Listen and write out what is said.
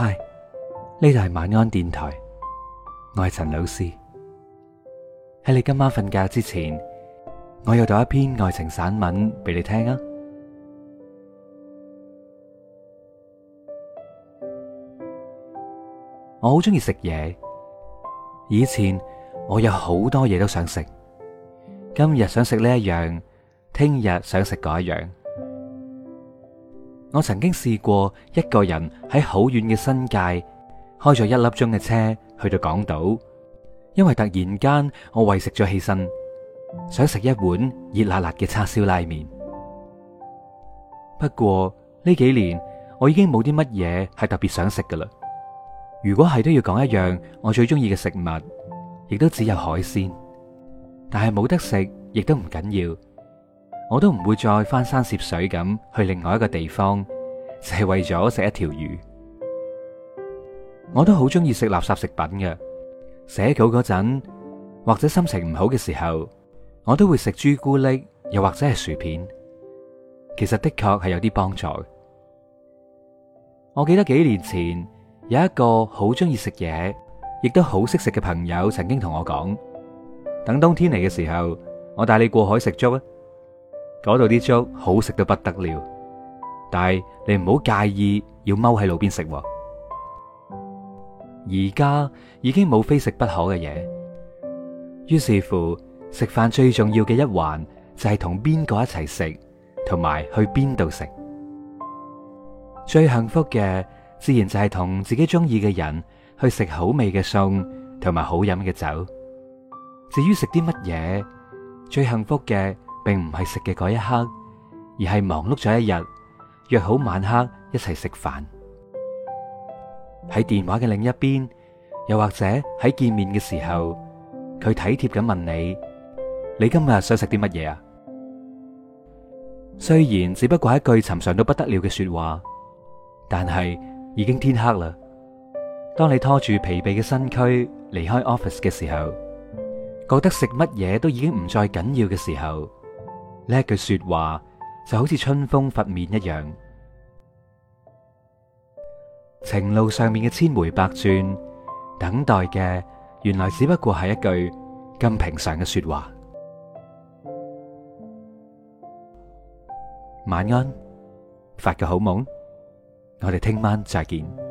嗨，呢度係晚安電台，我係陳老師。喺你今晚瞓覺之前，我有讀一篇愛情散文俾你聽啊！我好鍾意食嘢，以前我有好多嘢都想食，今日想食呢一樣，聽日想食嗰一樣。我曾經試過一個人喺好遠嘅新界，開咗一粒鐘嘅車去到港島，因為突然間我為食咗起身，想食一碗熱辣辣嘅叉燒拉麵。不過呢幾年我已經冇啲乜嘢係特別想食㗎喇。如果係都要講一樣我最鍾意嘅食物，亦都只有海鮮，但係冇得食亦都唔緊要。我都唔會再翻山涉水咁去另外一個地方，就係為咗食一條魚。我都好中意食垃圾食品嘅，寫稿嗰陣，或者心情唔好嘅時候，我都會食朱古力，又或者係薯片。其實的確係有啲幫助。我記得幾年前有一個好中意食嘢，亦都好識食嘅朋友曾經同我講：等冬天嚟嘅時候，我帶你過海食粥啊。」嗰度啲粥好食到不得了，但係你唔好介意要踎喺路邊食。而家已經冇非食不可嘅嘢，於是乎食飯最重要嘅一環就係同邊個一齊食，同埋去邊度食。最幸福嘅自然就係同自己中意嘅人去食好味嘅餸，同埋好飲嘅酒。至於食啲乜嘢，最幸福嘅。並唔係食嘅嗰一刻，而係忙碌咗一日，約好晚黑一齊食飯。喺電話嘅另一邊，又或者喺見面嘅時候，佢體貼咁問你：你今日想食啲乜嘢啊？雖然只不過一句尋常到不得了嘅說話，但係已經天黑啦。當你拖住疲憊嘅身軀離開 office 嘅時候，覺得食乜嘢都已經唔再緊要嘅時候。呢句說話就好似春風拂面一樣，情路上面嘅千回百轉，等待嘅原來只不過係一句咁平常嘅說話。晚安，發個好夢，我哋聽晚再見。